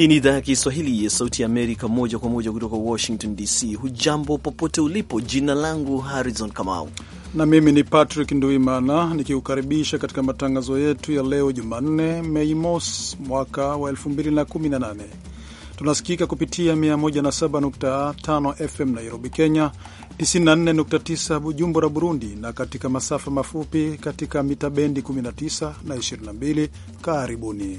Hii ni idhaa ya Kiswahili ya Sauti ya Amerika, moja kwa moja kutoka Washington DC. Hujambo popote ulipo, jina langu Harrison Kamau na mimi ni Patrick Nduimana nikiukaribisha katika matangazo yetu ya leo Jumanne, Mei Mosi mwaka wa 2018. Tunasikika kupitia 107.5 FM Nairobi, Kenya, 94.9 Bujumbura, Burundi, na katika masafa mafupi katika mita bendi 19 na 22. Karibuni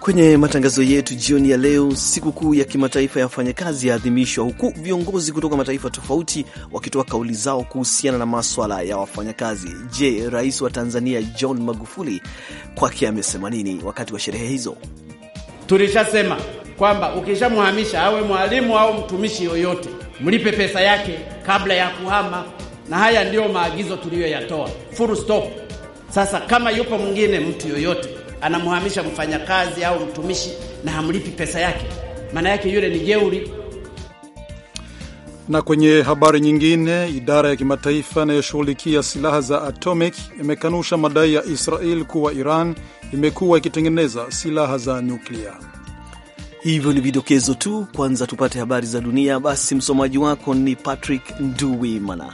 Kwenye matangazo yetu jioni ya leo, sikukuu ya kimataifa ya wafanyakazi yaadhimishwa huku viongozi kutoka mataifa tofauti wakitoa kauli zao kuhusiana na maswala ya wafanyakazi. Je, rais wa Tanzania John Magufuli kwake amesema nini wakati wa sherehe hizo? Tulishasema kwamba ukishamhamisha awe mwalimu au mtumishi yoyote, mlipe pesa yake kabla ya kuhama, na haya ndiyo maagizo tuliyoyatoa, full stop. Sasa kama yupo mwingine mtu yoyote anamhamisha mfanyakazi au mtumishi na hamlipi pesa yake, maana yake yule ni jeuri. Na kwenye habari nyingine, idara ya kimataifa inayoshughulikia silaha za atomic imekanusha madai ya Israel kuwa Iran imekuwa ikitengeneza silaha za nyuklia. Hivyo ni vidokezo tu. Kwanza tupate habari za dunia. Basi msomaji wako ni Patrick Nduwimana.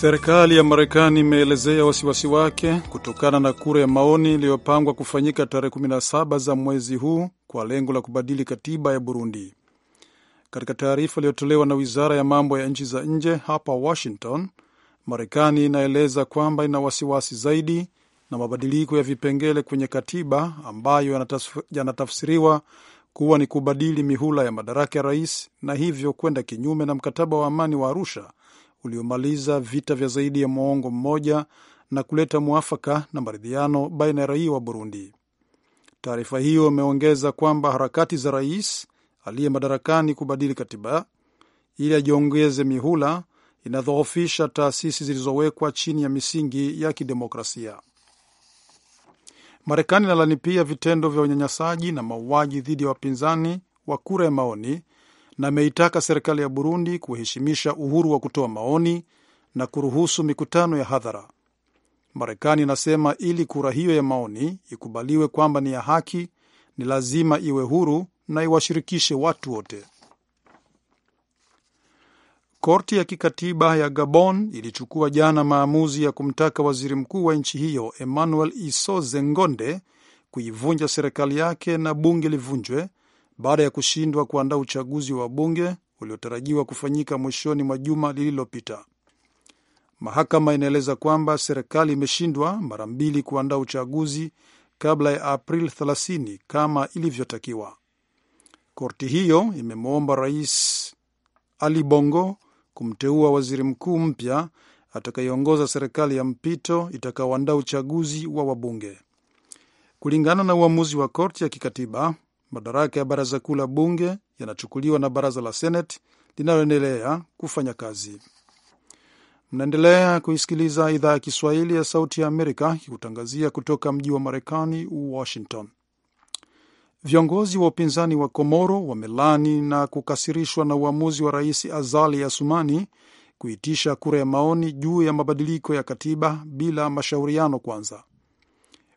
Serikali ya Marekani imeelezea wasiwasi wake kutokana na kura ya maoni iliyopangwa kufanyika tarehe 17 za mwezi huu kwa lengo la kubadili katiba ya Burundi. Katika taarifa iliyotolewa na wizara ya mambo ya nchi za nje hapa Washington, Marekani inaeleza kwamba ina wasiwasi zaidi na mabadiliko ya vipengele kwenye katiba ambayo yanatafsiriwa kuwa ni kubadili mihula ya madaraka ya rais na hivyo kwenda kinyume na mkataba wa amani wa Arusha uliomaliza vita vya zaidi ya mwongo mmoja na kuleta mwafaka na maridhiano baina ya raia wa Burundi. Taarifa hiyo imeongeza kwamba harakati za rais aliye madarakani kubadili katiba ili ajiongeze mihula inadhoofisha taasisi zilizowekwa chini ya misingi ya kidemokrasia. Marekani inalani pia vitendo vya unyanyasaji na mauaji dhidi ya wapinzani wa kura ya maoni na ameitaka serikali ya Burundi kuheshimisha uhuru wa kutoa maoni na kuruhusu mikutano ya hadhara. Marekani inasema ili kura hiyo ya maoni ikubaliwe kwamba ni ya haki, ni lazima iwe huru na iwashirikishe watu wote. Korti ya kikatiba ya Gabon ilichukua jana maamuzi ya kumtaka waziri mkuu wa nchi hiyo Emmanuel iso zengonde kuivunja serikali yake na bunge livunjwe baada ya kushindwa kuandaa uchaguzi wa bunge uliotarajiwa kufanyika mwishoni mwa juma lililopita. Mahakama inaeleza kwamba serikali imeshindwa mara mbili kuandaa uchaguzi kabla ya April 30 kama ilivyotakiwa. Korti hiyo imemwomba Rais Ali Bongo kumteua waziri mkuu mpya atakayeongoza serikali ya mpito itakaoandaa uchaguzi wa wabunge. Kulingana na uamuzi wa korti ya kikatiba, Madaraka ya baraza kuu la bunge yanachukuliwa na baraza la seneti linaloendelea kufanya kazi. Mnaendelea kuisikiliza idhaa ya Kiswahili ya Sauti ya Amerika ikikutangazia kutoka mji wa Marekani, Washington. Viongozi wa upinzani wa Komoro wamelani na kukasirishwa na uamuzi wa Rais Azali Asumani kuitisha kura ya maoni juu ya mabadiliko ya katiba bila mashauriano kwanza.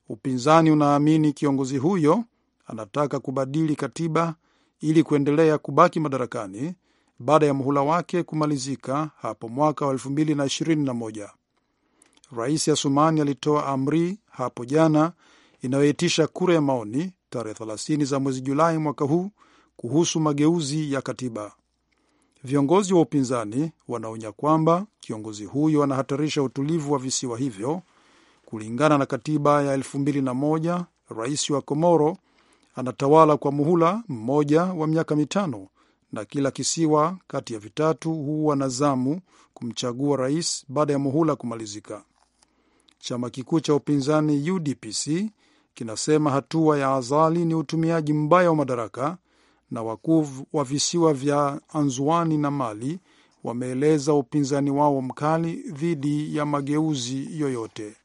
Upinzani unaamini kiongozi huyo anataka kubadili katiba ili kuendelea kubaki madarakani baada ya muhula wake kumalizika hapo mwaka wa 2021. Rais Asumani alitoa amri hapo jana inayoitisha kura ya maoni tarehe 30 za mwezi Julai mwaka huu kuhusu mageuzi ya katiba. Viongozi wa upinzani wanaonya kwamba kiongozi huyo anahatarisha utulivu wa visiwa hivyo. Kulingana na katiba ya 2001, rais wa Komoro anatawala kwa muhula mmoja wa miaka mitano na kila kisiwa kati ya vitatu huwa na zamu kumchagua rais baada ya muhula kumalizika. Chama kikuu cha upinzani UDPC kinasema hatua ya Azali ni utumiaji mbaya wa madaraka, na wakuu wa visiwa vya Anzuani na Mali wameeleza upinzani wao mkali dhidi ya mageuzi yoyote.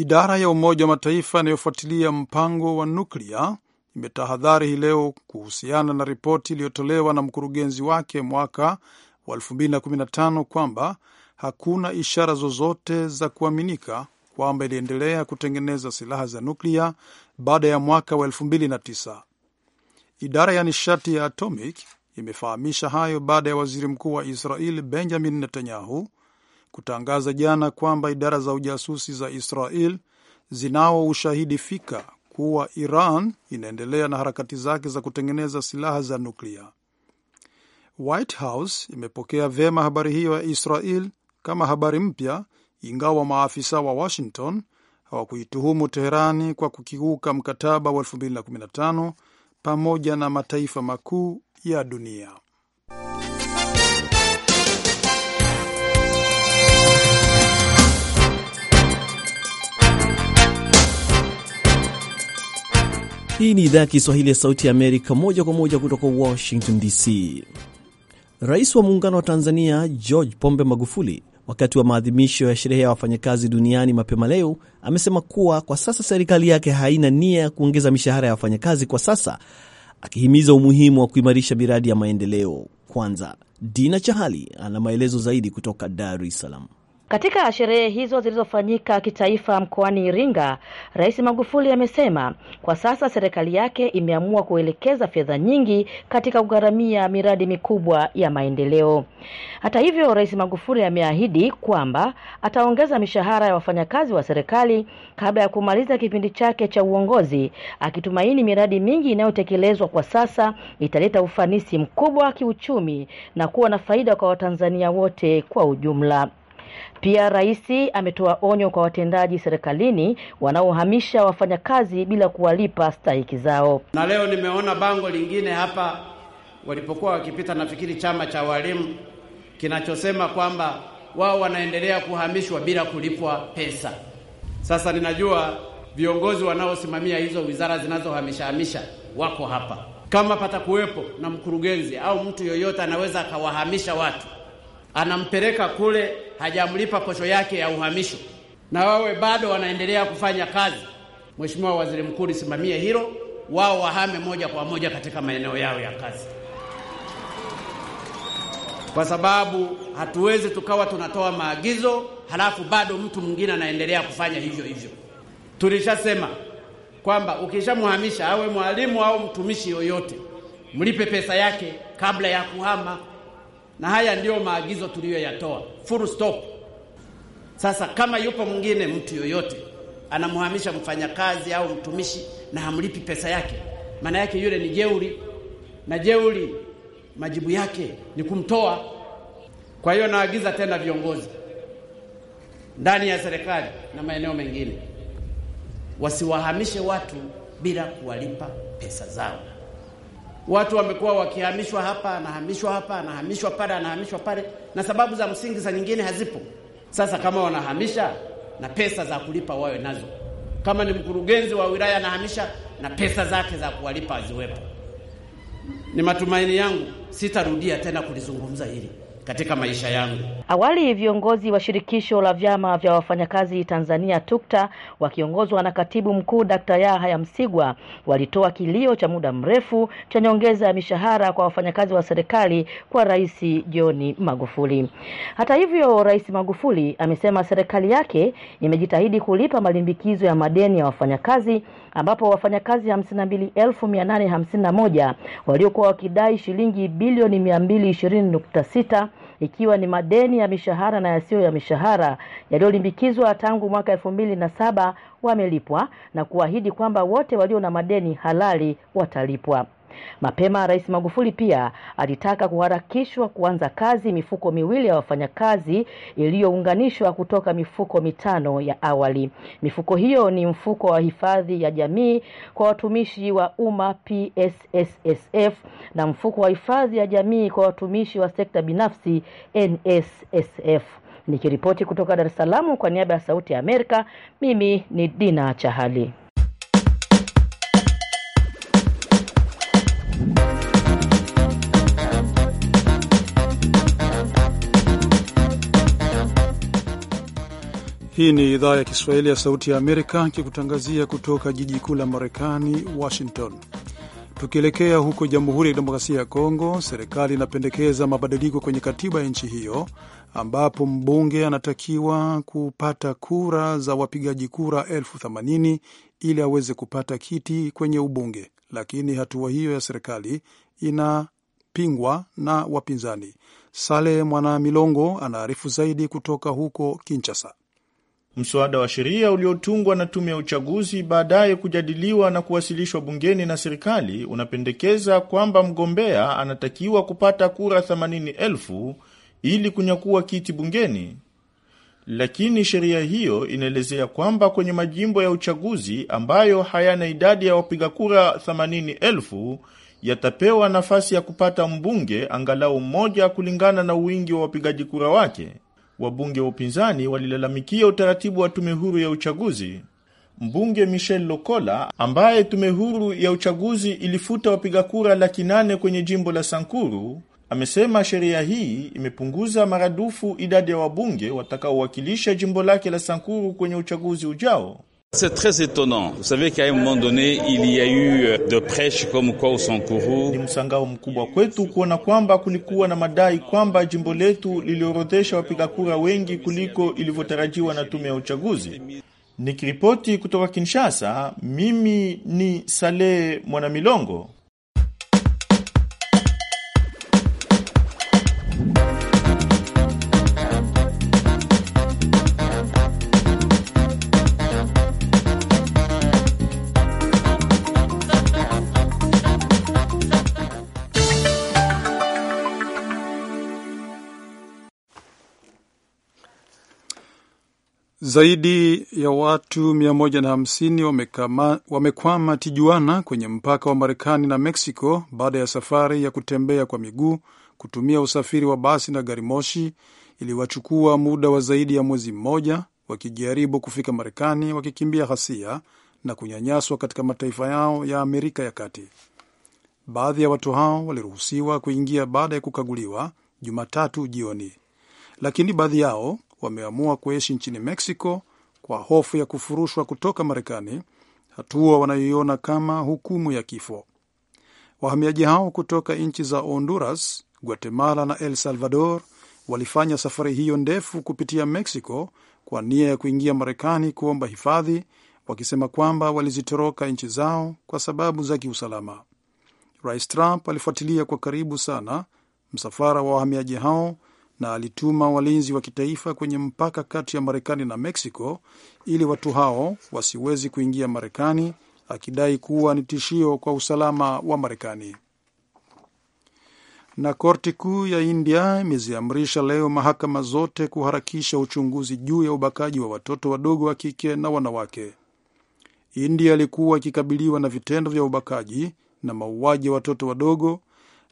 Idara ya Umoja wa Mataifa inayofuatilia mpango wa nuklia imetahadhari hii leo kuhusiana na ripoti iliyotolewa na mkurugenzi wake mwaka wa 2015 kwamba hakuna ishara zozote za kuaminika kwamba iliendelea kutengeneza silaha za nuklia baada ya mwaka wa 2009. Idara ya nishati ya atomic imefahamisha hayo baada ya waziri mkuu wa Israel Benjamin Netanyahu kutangaza jana kwamba idara za ujasusi za Israel zinao ushahidi fika kuwa Iran inaendelea na harakati zake za kutengeneza silaha za nuklia. White House imepokea vyema habari hiyo ya Israel kama habari mpya, ingawa maafisa wa Washington hawakuituhumu Teherani kwa kukiuka mkataba wa 2015 pamoja na mataifa makuu ya dunia. Hii ni idhaa ya Kiswahili ya Sauti ya Amerika, moja kwa moja kutoka Washington DC. Rais wa Muungano wa Tanzania George Pombe Magufuli, wakati wa maadhimisho ya sherehe ya wafanyakazi duniani mapema leo, amesema kuwa kwa sasa serikali yake haina nia ya kuongeza mishahara ya wafanyakazi kwa sasa, akihimiza umuhimu wa kuimarisha miradi ya maendeleo kwanza. Dina Chahali ana maelezo zaidi kutoka Dar es Salaam. Katika sherehe hizo zilizofanyika kitaifa mkoani Iringa, Rais Magufuli amesema kwa sasa serikali yake imeamua kuelekeza fedha nyingi katika kugharamia miradi mikubwa ya maendeleo. Hata hivyo, Rais Magufuli ameahidi kwamba ataongeza mishahara ya wafanyakazi wa serikali kabla ya kumaliza kipindi chake cha uongozi, akitumaini miradi mingi inayotekelezwa kwa sasa italeta ufanisi mkubwa kiuchumi na kuwa na faida kwa Watanzania wote kwa ujumla. Pia rais ametoa onyo kwa watendaji serikalini wanaohamisha wafanyakazi bila kuwalipa stahiki zao. Na leo nimeona bango lingine hapa walipokuwa wakipita, nafikiri chama cha walimu kinachosema kwamba wao wanaendelea kuhamishwa bila kulipwa pesa. Sasa ninajua viongozi wanaosimamia hizo wizara zinazohamishahamisha wako hapa. Kama patakuwepo na mkurugenzi au mtu yoyote anaweza akawahamisha watu anampeleka kule, hajamlipa posho yake ya uhamisho, na wawe bado wanaendelea kufanya kazi. Mheshimiwa Waziri Mkuu, lisimamie hilo, wao wahame moja kwa moja katika maeneo yao ya kazi, kwa sababu hatuwezi tukawa tunatoa maagizo halafu bado mtu mwingine anaendelea kufanya hivyo hivyo. Tulishasema kwamba ukishamhamisha awe mwalimu au mtumishi yoyote, mlipe pesa yake kabla ya kuhama na haya ndiyo maagizo tuliyoyatoa, full stop. Sasa kama yupo mwingine mtu yoyote anamhamisha mfanyakazi au mtumishi na hamlipi pesa yake, maana yake yule ni jeuri, na jeuri majibu yake ni kumtoa. Kwa hiyo naagiza tena viongozi ndani ya serikali na maeneo mengine wasiwahamishe watu bila kuwalipa pesa zao. Watu wamekuwa wakihamishwa hapa, anahamishwa hapa, anahamishwa pale, anahamishwa pale, na sababu za msingi za nyingine hazipo. Sasa kama wanahamisha, na pesa za kulipa wawe nazo. Kama ni mkurugenzi wa wilaya anahamisha, na pesa zake za kuwalipa ziwepo. Ni matumaini yangu sitarudia tena kulizungumza hili katika maisha yangu. Awali viongozi wa shirikisho la vyama vya wafanyakazi Tanzania TUKTA wakiongozwa na katibu mkuu Dkt. Yahaya Msigwa walitoa kilio cha muda mrefu cha nyongeza ya mishahara kwa wafanyakazi wa serikali kwa Rais John Magufuli. Hata hivyo, Rais Magufuli amesema serikali yake imejitahidi kulipa malimbikizo ya madeni ya wafanyakazi ambapo wafanyakazi 52,851 waliokuwa wakidai shilingi bilioni 220.6 ikiwa ni madeni ya mishahara na yasiyo ya mishahara yaliyolimbikizwa tangu mwaka elfu mbili na saba wamelipwa na kuahidi kwamba wote walio na madeni halali watalipwa. Mapema Rais Magufuli pia alitaka kuharakishwa kuanza kazi mifuko miwili ya wafanyakazi iliyounganishwa kutoka mifuko mitano ya awali. Mifuko hiyo ni mfuko wa hifadhi ya jamii kwa watumishi wa umma PSSSF na mfuko wa hifadhi ya jamii kwa watumishi wa sekta binafsi NSSF. Nikiripoti kutoka Dar es Salaam kwa niaba ya Sauti ya Amerika, mimi ni Dina Chahali. Hii ni idhaa ya Kiswahili ya Sauti ya Amerika kikutangazia kutoka jiji kuu la Marekani, Washington. Tukielekea huko Jamhuri ya Kidemokrasia ya Kongo, serikali inapendekeza mabadiliko kwenye katiba ya nchi hiyo, ambapo mbunge anatakiwa kupata kura za wapigaji kura elfu themanini ili aweze kupata kiti kwenye ubunge, lakini hatua hiyo ya serikali inapingwa na wapinzani. Sale Mwana Milongo anaarifu zaidi kutoka huko Kinshasa mswada wa sheria uliotungwa na tume ya uchaguzi baadaye kujadiliwa na kuwasilishwa bungeni na serikali unapendekeza kwamba mgombea anatakiwa kupata kura 80,000 ili kunyakua kiti bungeni. Lakini sheria hiyo inaelezea kwamba kwenye majimbo ya uchaguzi ambayo hayana idadi ya wapiga kura 80,000 yatapewa nafasi ya kupata mbunge angalau mmoja kulingana na wingi wa wapigaji kura wake wabunge wa upinzani walilalamikia utaratibu wa tume huru ya uchaguzi. Mbunge Michel Lokola, ambaye tume huru ya uchaguzi ilifuta wapiga kura laki nane kwenye jimbo la Sankuru, amesema sheria hii imepunguza maradufu idadi ya wabunge watakaowakilisha jimbo lake la Sankuru kwenye uchaguzi ujao. C'est très étonnant. Vous savez qu'à un moment donné, il y a eu euh, de prêches comme kwa Usankuru. Ni msangao mkubwa kwetu kuona kwamba kulikuwa na madai kwamba jimbo letu liliorodhesha wapiga kura wengi kuliko ilivyotarajiwa na tume ya uchaguzi. Nikiripoti kutoka Kinshasa, mimi ni Saleh Mwanamilongo. Zaidi ya watu 150 wamekwama Tijuana kwenye mpaka wa Marekani na Mexico baada ya safari ya kutembea kwa miguu kutumia usafiri wa basi na gari moshi iliwachukua muda wa zaidi ya mwezi mmoja wakijaribu kufika Marekani wakikimbia ghasia na kunyanyaswa katika mataifa yao ya Amerika ya Kati. Baadhi ya watu hao waliruhusiwa kuingia baada ya kukaguliwa Jumatatu jioni, lakini baadhi yao wameamua kuishi nchini Mexico kwa hofu ya kufurushwa kutoka Marekani, hatua wanayoiona kama hukumu ya kifo. Wahamiaji hao kutoka nchi za Honduras, Guatemala na El Salvador walifanya safari hiyo ndefu kupitia Mexico kwa nia ya kuingia Marekani kuomba hifadhi, wakisema kwamba walizitoroka nchi zao kwa sababu za kiusalama. Rais Trump alifuatilia kwa karibu sana msafara wa wahamiaji hao na alituma walinzi wa kitaifa kwenye mpaka kati ya Marekani na Meksiko ili watu hao wasiwezi kuingia Marekani, akidai kuwa ni tishio kwa usalama wa Marekani. Na korti kuu ya India imeziamrisha leo mahakama zote kuharakisha uchunguzi juu ya ubakaji wa watoto wadogo wa kike na wanawake. India ilikuwa ikikabiliwa na vitendo vya ubakaji na mauaji ya watoto wadogo,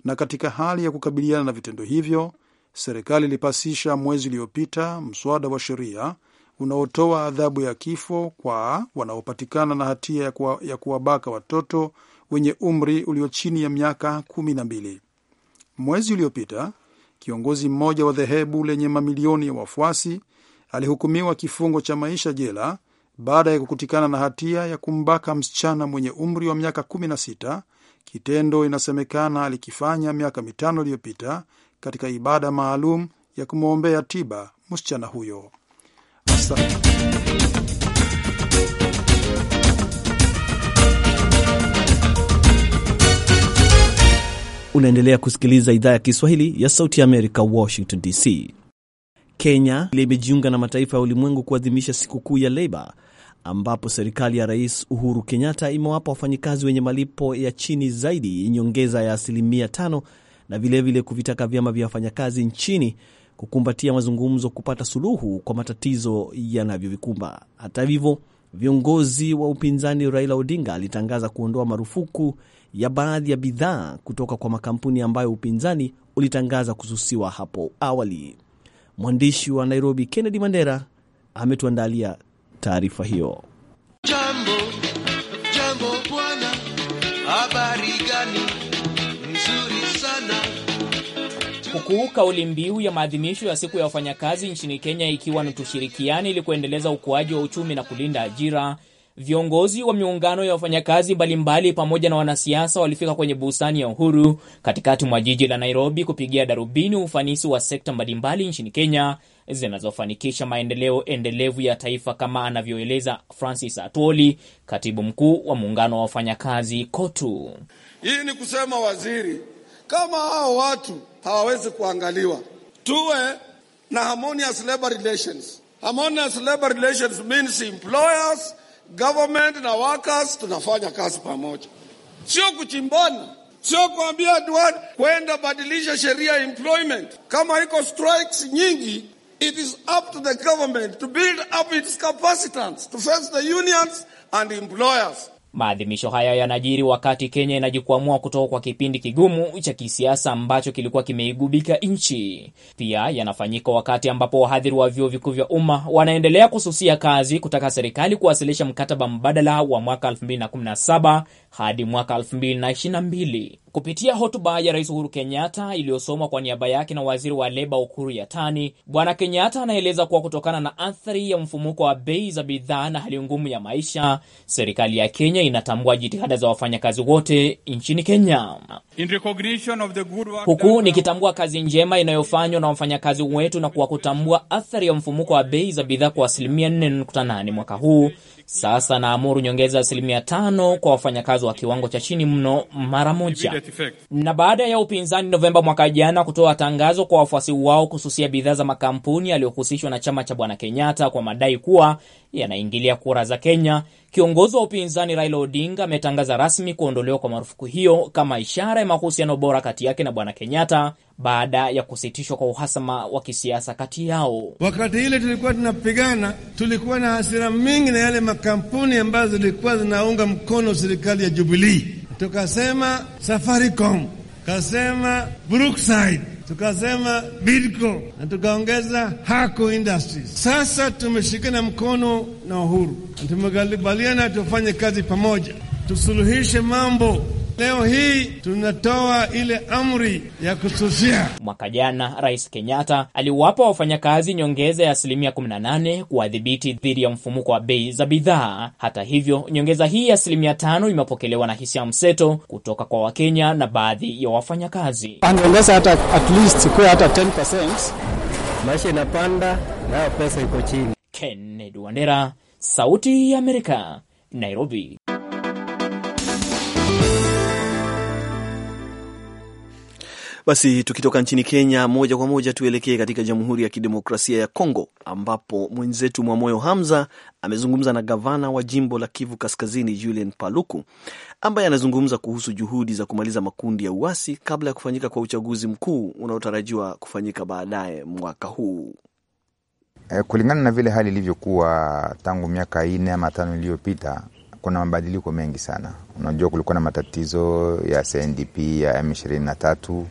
na katika hali ya kukabiliana na vitendo hivyo serikali ilipasisha mwezi uliopita mswada wa sheria unaotoa adhabu ya kifo kwa wanaopatikana na hatia ya kuwabaka watoto wenye umri ulio chini ya miaka kumi na mbili. Mwezi uliopita kiongozi mmoja wa dhehebu lenye mamilioni ya wafuasi alihukumiwa kifungo cha maisha jela baada ya kukutikana na hatia ya kumbaka msichana mwenye umri wa miaka sita, kitendo inasemekana alikifanya miaka mitano iliyopita katika ibada maalum ya kumwombea tiba msichana huyo. Asa. Unaendelea kusikiliza idhaa ya Kiswahili ya Sauti ya Amerika, Washington DC. Kenya limejiunga na mataifa ya ulimwengu kuadhimisha sikukuu ya leba ambapo serikali ya Rais Uhuru Kenyatta imewapa wafanyikazi wenye malipo ya chini zaidi nyongeza ya asilimia tano na vilevile vile kuvitaka vyama vya wafanyakazi nchini kukumbatia mazungumzo kupata suluhu kwa matatizo yanavyovikumba. Hata hivyo, viongozi wa upinzani Raila Odinga alitangaza kuondoa marufuku ya baadhi ya bidhaa kutoka kwa makampuni ambayo upinzani ulitangaza kususiwa hapo awali. Mwandishi wa Nairobi Kennedy Mandera ametuandalia taarifa hiyo. Jambo, jambo bwana, habari gani? Huku kauli mbiu ya maadhimisho ya siku ya wafanyakazi nchini Kenya ikiwa ni tushirikiani ili kuendeleza ukuaji wa uchumi na kulinda ajira, viongozi wa miungano ya wafanyakazi mbalimbali pamoja na wanasiasa walifika kwenye bustani ya Uhuru katikati mwa jiji la Nairobi kupigia darubini ufanisi wa sekta mbalimbali nchini Kenya zinazofanikisha maendeleo endelevu ya taifa, kama anavyoeleza Francis Atwoli, katibu mkuu wa muungano wa wafanyakazi KOTU. Hii ni kusema waziri kama hao watu hawawezi kuangaliwa, tuwe na harmonious labor relations. Harmonious labor relations means employers, government na workers tunafanya kazi pamoja, sio kuchimbana, sio kuambia duani kwenda badilisha sheria employment. Kama iko strikes nyingi, it is up to the government to build up its capacitance to face the unions and employers. Maadhimisho haya yanajiri wakati Kenya inajikwamua kutoka kwa kipindi kigumu cha kisiasa ambacho kilikuwa kimeigubika nchi. Pia yanafanyika wakati ambapo wahadhiri wa vyuo vikuu vya umma wanaendelea kususia kazi kutaka serikali kuwasilisha mkataba mbadala wa mwaka 2017 hadi mwaka 2022. Kupitia hotuba ya Rais Uhuru Kenyatta iliyosomwa kwa niaba yake na waziri wa leba Ukuru Yatani, Bwana Kenyatta anaeleza kuwa kutokana na athari ya mfumuko wa bei za bidhaa na hali ngumu ya maisha, serikali ya Kenya inatambua jitihada za wafanyakazi wote nchini Kenya, huku nikitambua kazi njema inayofanywa na wafanyakazi wetu na kwa kutambua athari ya mfumuko wa bei za bidhaa kwa asilimia 4.8 mwaka huu. Sasa naamuru nyongeza asilimia tano kwa wafanyakazi wa kiwango cha chini mno mara moja. Na baada ya upinzani Novemba mwaka jana kutoa tangazo kwa wafuasi wao kususia bidhaa za makampuni yaliyohusishwa na chama cha Bwana Kenyatta kwa madai kuwa yanaingilia kura za Kenya, kiongozi wa upinzani Raila Raila Odinga ametangaza rasmi kuondolewa kwa marufuku hiyo kama ishara ya mahusiano bora kati yake na Bwana Kenyatta baada ya kusitishwa kwa uhasama wa kisiasa kati yao. Wakati ile tulikuwa tunapigana, tulikuwa na hasira mingi na yale makampuni ambazo zilikuwa zinaunga mkono serikali ya Jubilee, tukasema Safaricom, kasema Brookside tukasema Bidco na tukaongeza Hako Industries. Sasa tumeshikana mkono na Uhuru, na tumekubaliana tufanye kazi pamoja, tusuluhishe mambo Leo hii tunatoa ile amri ya kususia. Mwaka jana Rais Kenyatta aliwapa wafanyakazi nyongeza ya asilimia 18 kuwadhibiti dhidi ya mfumuko wa bei za bidhaa. Hata hivyo, nyongeza hii ya asilimia tano imepokelewa na hisia mseto kutoka kwa Wakenya na baadhi ya wafanyakazi. Ongeza hata at least hata 10%, maisha inapanda nayo pesa iko chini. Kennedy Wandera, Sauti ya Amerika, Nairobi. Basi tukitoka nchini Kenya moja kwa moja tuelekee katika Jamhuri ya Kidemokrasia ya Kongo, ambapo mwenzetu Mwamoyo Hamza amezungumza na gavana wa jimbo la Kivu Kaskazini, Julien Paluku, ambaye anazungumza kuhusu juhudi za kumaliza makundi ya uasi kabla ya kufanyika kwa uchaguzi mkuu unaotarajiwa kufanyika baadaye mwaka huu. Eh, kulingana na vile hali ilivyokuwa tangu miaka ine ama tano iliyopita, kuna mabadiliko mengi sana. Unajua, kulikuwa na matatizo ya CNDP ya M23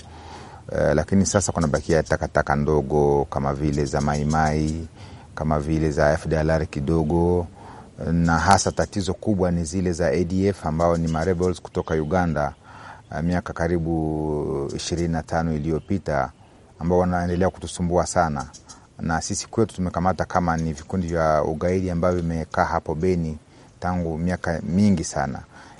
Uh, lakini sasa kunabakia takataka ndogo kama vile za maimai kama vile za FDLR kidogo, na hasa tatizo kubwa ni zile za ADF ambao ni marebels kutoka Uganda, uh, miaka karibu ishirini na tano iliyopita ambao wanaendelea kutusumbua sana, na sisi kwetu tumekamata kama ni vikundi vya ugaidi ambavyo vimekaa hapo Beni tangu miaka mingi sana.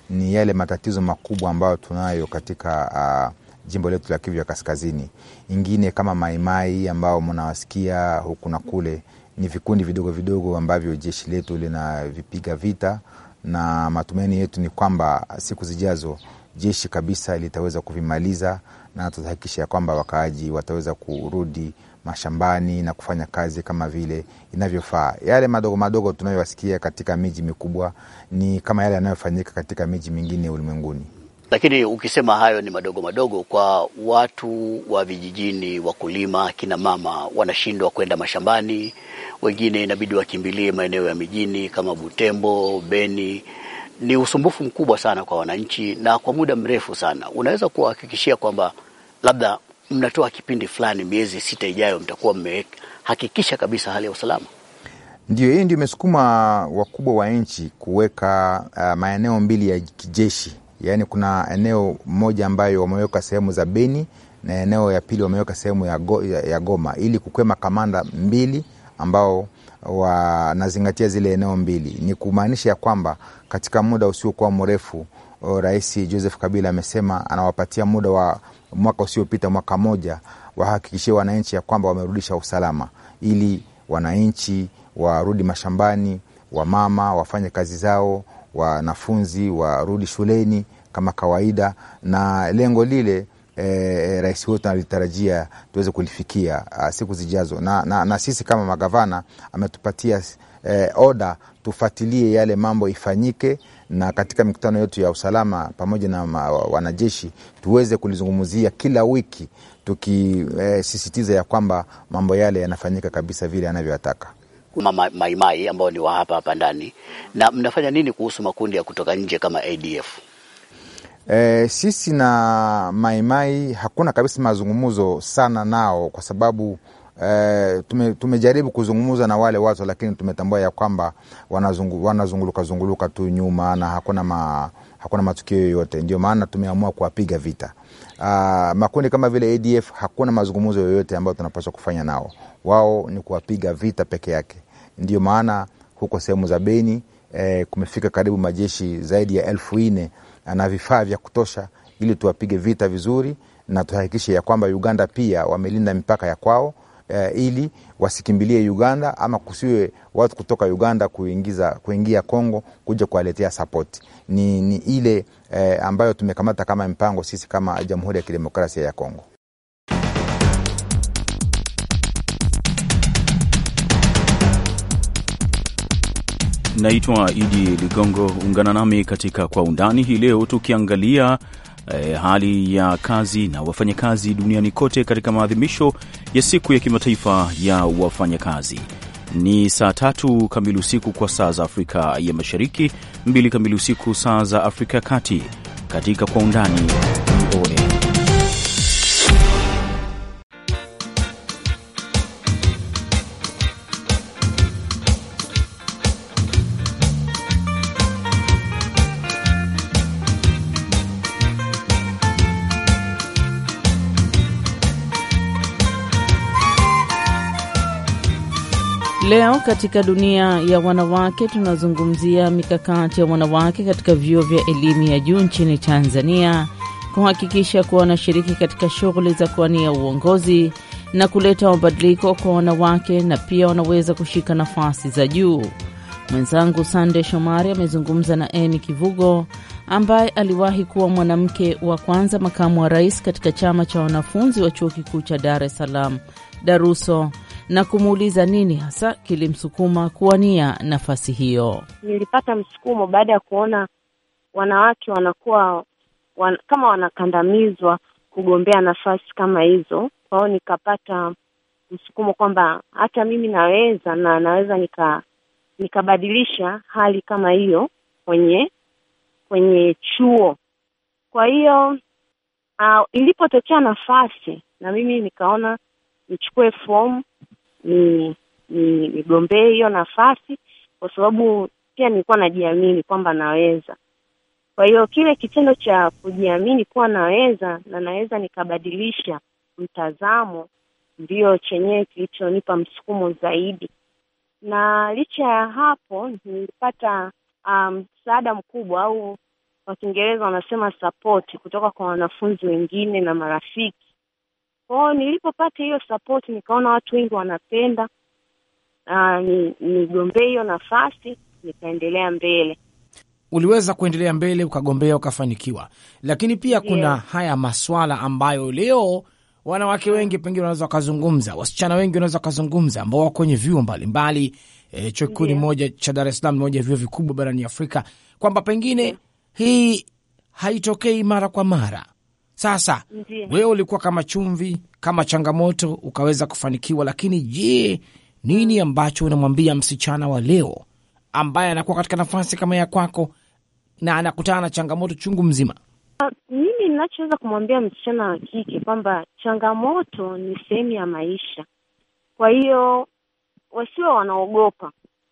Ni yale matatizo makubwa ambayo tunayo katika uh, jimbo letu la Kivu ya Kaskazini. Ingine kama Maimai ambao mnawasikia huku na kule, ni vikundi vidogo vidogo ambavyo jeshi letu linavipiga vita, na matumaini yetu ni kwamba siku zijazo jeshi kabisa litaweza kuvimaliza na tutahakikisha ya kwamba wakaaji wataweza kurudi mashambani na kufanya kazi kama vile inavyofaa. Yale madogo madogo tunayowasikia katika miji mikubwa ni kama yale yanayofanyika katika miji mingine ulimwenguni. Lakini ukisema hayo ni madogo madogo kwa watu wa vijijini, wakulima, kina mama wanashindwa kwenda mashambani, wengine inabidi wakimbilie maeneo ya mijini kama Butembo, Beni. Ni usumbufu mkubwa sana kwa wananchi na kwa muda mrefu sana. Unaweza kuwahakikishia kwamba labda mnatoa kipindi fulani, miezi sita ijayo, mtakuwa mmehakikisha kabisa hali ya usalama. Ndio, hii ndio imesukuma wakubwa wa nchi kuweka uh, maeneo mbili ya kijeshi yaani kuna eneo moja ambayo wameweka sehemu za Beni na eneo ya pili wameweka sehemu ya, go, ya, ya Goma ili kukwema kamanda mbili ambao wanazingatia zile eneo mbili. Ni kumaanisha ya kwamba katika muda usiokuwa mrefu Rais Joseph Kabila amesema anawapatia muda wa mwaka usiopita mwaka moja, wahakikishie wananchi ya kwamba wamerudisha usalama, ili wananchi warudi mashambani, wamama wafanye kazi zao, wanafunzi warudi shuleni kama kawaida, na lengo lile e, rais wetu analitarajia tuweze kulifikia a, ah, siku zijazo na, na, na sisi kama magavana ametupatia e, eh, oda tufuatilie yale mambo ifanyike, na katika mikutano yetu ya usalama pamoja na ma, wanajeshi tuweze kulizungumzia kila wiki tukisisitiza e, ya kwamba mambo yale yanafanyika kabisa vile anavyoataka Maimai ambao ni wa hapa hapa ndani, na mnafanya nini kuhusu makundi ya kutoka nje kama ADF? E, eh, sisi na Maimai hakuna kabisa mazungumzo sana nao kwa sababu e, tume, tumejaribu kuzungumza na wale watu lakini tumetambua ya kwamba wanazungu, wanazunguluka zunguluka tu nyuma na hakuna ma, hakuna matukio yoyote, ndio maana tumeamua kuwapiga vita. Uh, makundi kama vile ADF hakuna mazungumzo yoyote ambayo tunapaswa kufanya nao, wao ni kuwapiga vita peke yake ndio maana huko sehemu za Beni e, kumefika karibu majeshi zaidi ya elfu nne na vifaa vya kutosha, ili tuwapige vita vizuri na tuhakikishe ya kwamba Uganda pia wamelinda mipaka ya kwao e, ili wasikimbilie Uganda ama kusiwe watu kutoka Uganda kuingiza, kuingia Kongo kuja kuwaletea sapoti. Ni, ni ile e, ambayo tumekamata kama mpango sisi kama Jamhuri ya Kidemokrasia ya Kongo. Naitwa Idi Ligongo, ungana nami katika Kwa Undani hii leo tukiangalia eh, hali ya kazi na wafanyakazi duniani kote katika maadhimisho ya siku ya kimataifa ya wafanyakazi. Ni saa tatu kamili usiku kwa saa za Afrika ya Mashariki, mbili kamili usiku saa za Afrika ya Kati. Katika Kwa Undani Leo katika dunia ya wanawake tunazungumzia mikakati ya wanawake katika vyuo vya elimu ya juu nchini Tanzania kuhakikisha kuwa wanashiriki katika shughuli za kuwania uongozi na kuleta mabadiliko kwa wanawake na pia wanaweza kushika nafasi za juu. Mwenzangu Sande Shomari amezungumza na Eni Kivugo ambaye aliwahi kuwa mwanamke wa kwanza makamu wa rais katika chama cha wanafunzi wa chuo kikuu cha Dar es Salaam, DARUSO na kumuuliza nini hasa kilimsukuma kuwania nafasi hiyo. Nilipata msukumo baada ya kuona wanawake wanakuwa wan, kama wanakandamizwa kugombea nafasi kama hizo. Kwa hiyo nikapata msukumo kwamba hata mimi naweza na naweza nika nikabadilisha hali kama hiyo kwenye kwenye chuo. Kwa hiyo uh, ah, ilipotokea nafasi na mimi nikaona nichukue fomu ni hiyo nafasi, kwa sababu pia nilikuwa najiamini kwamba naweza. Kwa hiyo kile kitendo cha kujiamini kuwa naweza na naweza nikabadilisha mtazamo, ndio chenyewe kilichonipa msukumo zaidi. Na licha ya hapo nilipata um, msaada um, mkubwa au kwa Kiingereza wanasema sapoti kutoka kwa wanafunzi wengine na marafiki Kwao nilipopata hiyo support, nikaona watu wengi wanapenda nigombee ni hiyo nafasi, nikaendelea mbele. Uliweza kuendelea mbele, ukagombea, ukafanikiwa, lakini pia yeah. Kuna haya maswala ambayo leo wanawake wengi pengine wanaweza wakazungumza, wasichana wengi wanaweza wakazungumza, ambao wako kwenye vyuo mbalimbali, e, chuo kikuu yeah. moja cha Dar es Salaam, moja ya vyuo vikubwa barani Afrika, kwamba pengine yeah. hii haitokei mara kwa mara sasa wewe ulikuwa kama chumvi, kama changamoto, ukaweza kufanikiwa, lakini je, nini ambacho unamwambia msichana wa leo ambaye anakuwa katika nafasi kama ya kwako na anakutana na changamoto chungu mzima? Ah, mimi ninachoweza kumwambia msichana wa kike kwamba changamoto ni sehemu ya maisha, kwa hiyo wasiwe wanaogopa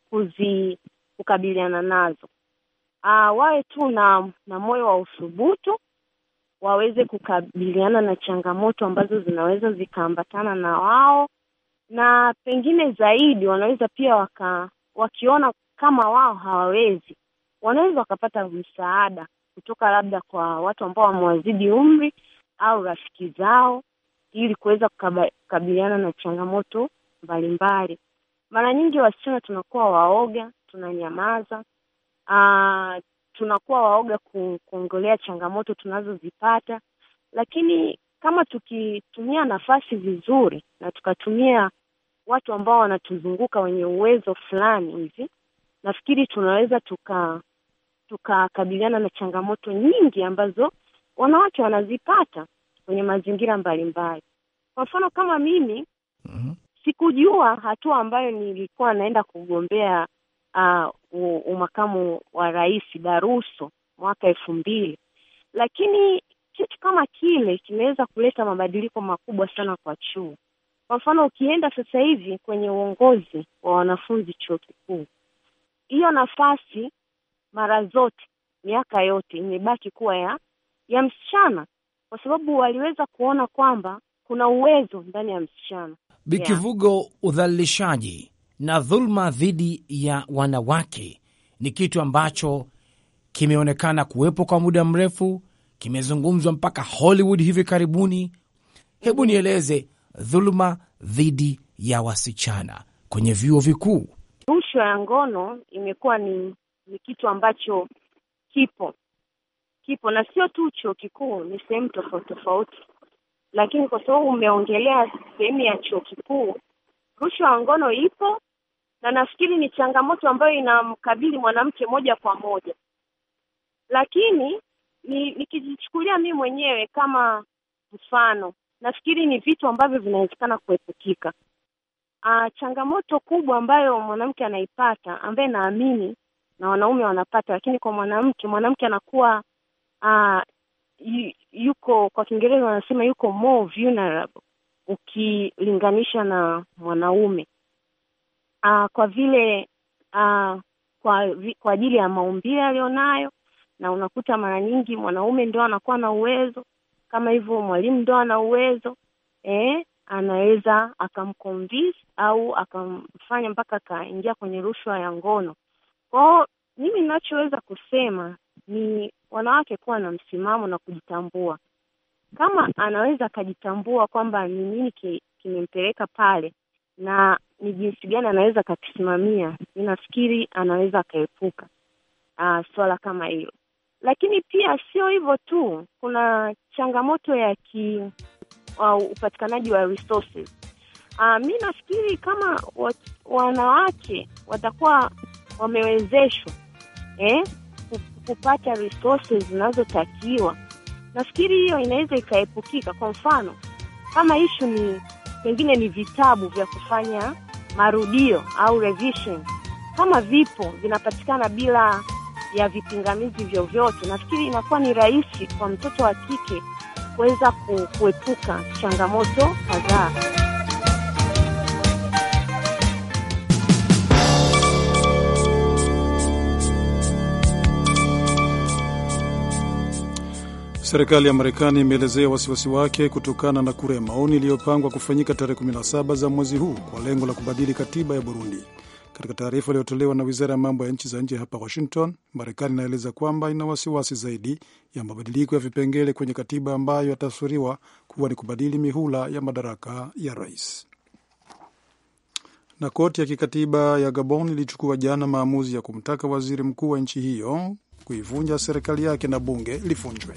kuzi kukabiliana nazo. Aa, ah, wawe tu na na moyo wa uthubutu waweze kukabiliana na changamoto ambazo zinaweza zikaambatana na wao, na pengine zaidi wanaweza pia waka, wakiona kama wao hawawezi, wanaweza wakapata msaada kutoka labda kwa watu ambao wamewazidi umri au rafiki zao, ili kuweza kukabiliana na changamoto mbalimbali. Mara nyingi wasichana tunakuwa waoga, tunanyamaza. Aa, tunakuwa waoga kuongelea changamoto tunazozipata, lakini kama tukitumia nafasi vizuri na tukatumia watu ambao wanatuzunguka wenye uwezo fulani hivi, nafikiri tunaweza tuka tukakabiliana na changamoto nyingi ambazo wanawake wanazipata kwenye mazingira mbalimbali. Kwa mfano kama mimi mm -hmm. sikujua hatua ambayo nilikuwa naenda kugombea uh, umakamu wa rais Daruso mwaka elfu mbili, lakini kitu kama kile kimeweza kuleta mabadiliko makubwa sana kwa chuo. Kwa mfano, ukienda sasa hivi kwenye uongozi wa wanafunzi chuo kikuu, hiyo nafasi mara zote miaka yote imebaki kuwa ya ya msichana, kwa sababu waliweza kuona kwamba kuna uwezo ndani ya msichana. Bikivugo, udhalilishaji na dhuluma dhidi ya wanawake ni kitu ambacho kimeonekana kuwepo kwa muda mrefu, kimezungumzwa mpaka Hollywood hivi karibuni. Hebu nieleze dhuluma dhidi ya wasichana kwenye vyuo vikuu. Rushwa ya ngono imekuwa ni, ni kitu ambacho kipo kipo na sio tu chuo kikuu, ni sehemu tofauti tofauti, lakini kwa sababu umeongelea sehemu ya chuo kikuu rushwa ya ngono ipo na nafikiri ni changamoto ambayo inamkabili mwanamke moja kwa moja, lakini nikijichukulia ni mwenyewe kama mfano, nafikiri ni vitu ambavyo vinawezekana kuepukika. Ah, changamoto kubwa ambayo mwanamke anaipata ambaye naamini na wanaume wanapata, lakini kwa mwanamke, mwanamke anakuwa ah, yuko kwa Kiingereza wanasema yuko more vulnerable ukilinganisha na mwanaume aa, ah, kwa vile aa, ah, kwa, vi, kwa ajili ya maumbile aliyonayo, na unakuta mara nyingi mwanaume ndo anakuwa na uwezo kama hivyo, mwalimu ndo ana uwezo eh, anaweza akamconvince au akamfanya mpaka akaingia kwenye rushwa ya ngono. Kwao mimi ninachoweza kusema ni wanawake kuwa na msimamo na kujitambua kama anaweza akajitambua kwamba ni nini kimempeleka pale na ni jinsi gani anaweza akakisimamia, ninafikiri anaweza akaepuka ah, swala kama hilo. Lakini pia sio hivyo tu, kuna changamoto ya ki uh, upatikanaji wa resources. Uh, mi nafikiri kama wat, wanawake watakuwa wamewezeshwa eh, kupata resources zinazotakiwa Nafikiri hiyo inaweza ikaepukika. Kwa mfano kama ishu ni pengine ni vitabu vya kufanya marudio au revision, kama vipo vinapatikana bila ya vipingamizi vyovyote, nafikiri inakuwa ni rahisi kwa mtoto wa kike kuweza kuepuka changamoto kadhaa. Serikali ya Marekani imeelezea wasiwasi wake kutokana na kura ya maoni iliyopangwa kufanyika tarehe 17 za mwezi huu kwa lengo la kubadili katiba ya Burundi. Katika taarifa iliyotolewa na wizara ya mambo ya nchi za nje hapa Washington, Marekani inaeleza kwamba ina wasiwasi zaidi ya mabadiliko ya vipengele kwenye katiba ambayo yatasuriwa kuwa ni kubadili mihula ya madaraka ya rais. Na koti ya kikatiba ya Gabon ilichukua jana maamuzi ya kumtaka waziri mkuu wa nchi hiyo kuivunja serikali yake na bunge lifunjwe.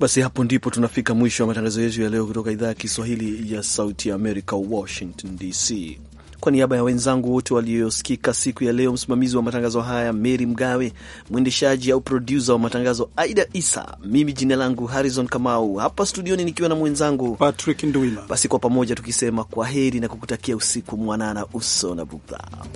Basi hapo ndipo tunafika mwisho wa matangazo yetu ya leo kutoka idhaa ya Kiswahili ya Sauti ya Amerika, Washington DC. Kwa niaba ya wenzangu wote waliosikika siku ya leo, msimamizi wa matangazo haya Mary Mgawe, mwendeshaji au produsa wa matangazo Aida Isa, mimi jina langu Harrison Kamau, hapa studioni nikiwa na mwenzangu Patrick Ndwima. Basi kwa pamoja tukisema kwa heri na kukutakia usiku mwanana, uso na budha.